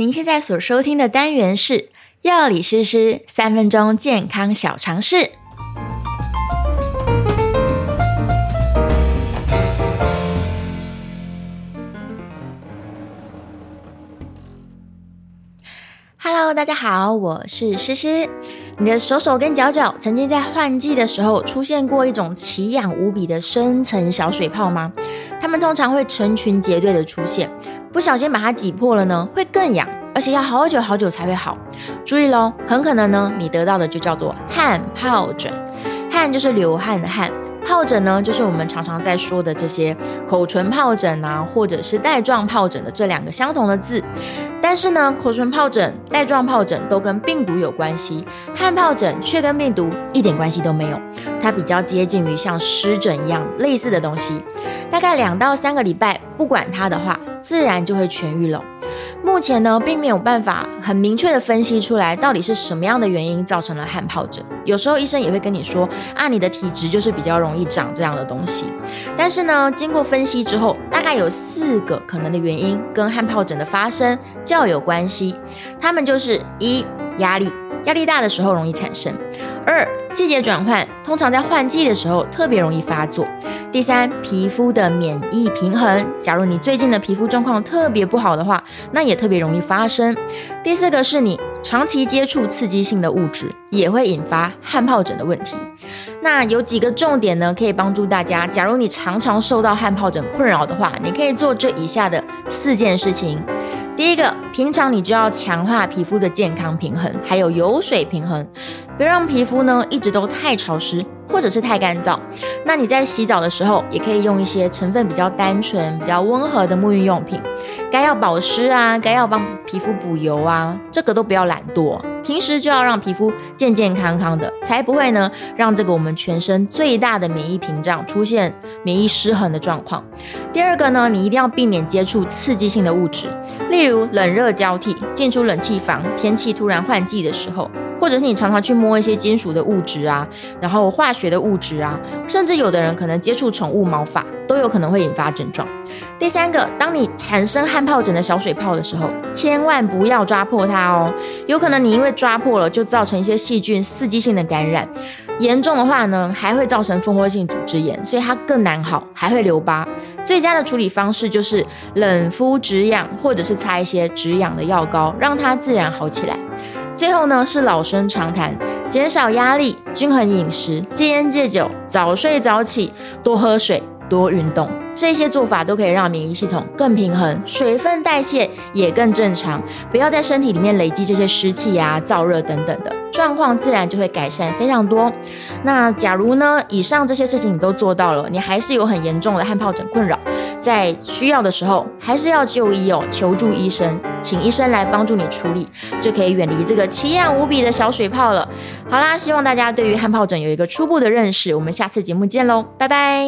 您現在所收聽的單元是《藥理詩詩三分鐘健康小常識》。Hello，大家好，我是詩詩。你的手手跟腳腳曾經在換季的時候出現過一種奇癢無比的深層小水泡嗎？它們通常會成群結隊的出現。不小心把它擠破了呢，會更癢，而且要好久好久才會好。注意嘍，很可能呢，你得到的就叫做汗皰疹，汗就是流汗的汗。皰疹呢，就是我們常常在說的這些口唇皰疹啊，或者是帶狀皰疹的這兩個相同的字。但是呢，口唇皰疹、帶狀皰疹都跟病毒有關係，汗皰疹卻跟病毒一點關係都沒有，它比較接近於像濕疹一樣類似的東西。大概兩到三個禮拜，不管它的話，自然就會痊癒了。目前呢，並沒有辦法很明確地分析出來到底是什麼樣的原因造成了汗皰疹。有時候醫生也會跟你說，啊，你的體質就是比較容易長這樣的東西。但是呢，經過分析之後，大概有四個可能的原因跟汗皰疹的發生較有關係。他們就是，一、壓力，壓力大的時候容易產生；二、季節轉換，通常在換季的時候特別容易發作。第三，皮膚的免疫平衡。假如你最近的皮膚狀況特別不好的話，那也特別容易發生。第四個是你長期接觸刺激性的物質，也會引發汗皰疹的問題。那有幾個重點呢，可以幫助大家。假如你常常受到汗皰疹困擾的話，你可以做這以下的四件事情。第一個，平常你就要強化皮膚的健康平衡，還有油水平衡，別讓皮膚呢一直都太潮濕。或者是太乾燥，那你在洗澡的時候也可以用一些成分比較單純、比較溫和的沐浴用品。該要保濕啊，該要幫皮膚補油啊，這個都不要懶惰。平時就要讓皮膚健健康康的，才不會呢讓這個我們全身最大的免疫屏障，出現免疫失衡的狀況。第二個呢，你一定要避免接觸刺激性的物質，例如冷熱交替、進出冷氣房、天氣突然換季的時候。或者是你常常去摸一些金屬的物質啊，然後化學的物質啊，甚至有的人可能接觸寵物毛髮都有可能會引發症狀。第三個，當你產生汗皰疹的小水泡的時候，千萬不要抓破它哦，有可能你因為抓破了就造成一些細菌刺激性的感染，嚴重的話呢還會造成蜂窩性組織炎，所以它更難好，還會留疤。最佳的處理方式就是冷敷止癢，或者是擦一些止癢的藥膏，讓它自然好起來。最後呢，是老生常談，減少壓力，均衡飲食，戒煙戒酒，早睡早起，多喝水，多運動，這些做法都可以讓免疫系統更平衡，水分代謝也更正常，不要在身體裡面累積這些濕氣啊、燥熱等等的。狀況自然就會改善非常多。那假如呢，以上這些事情你都做到了，你還是有很嚴重的汗皰疹困擾，在需要的時候還是要就醫哦，求助醫生，請醫生來幫助你處理，就可以遠離這個奇癢無比的小水泡了。好啦，希望大家對於汗皰疹有一個初步的認識，我們下次節目見嘍，拜拜。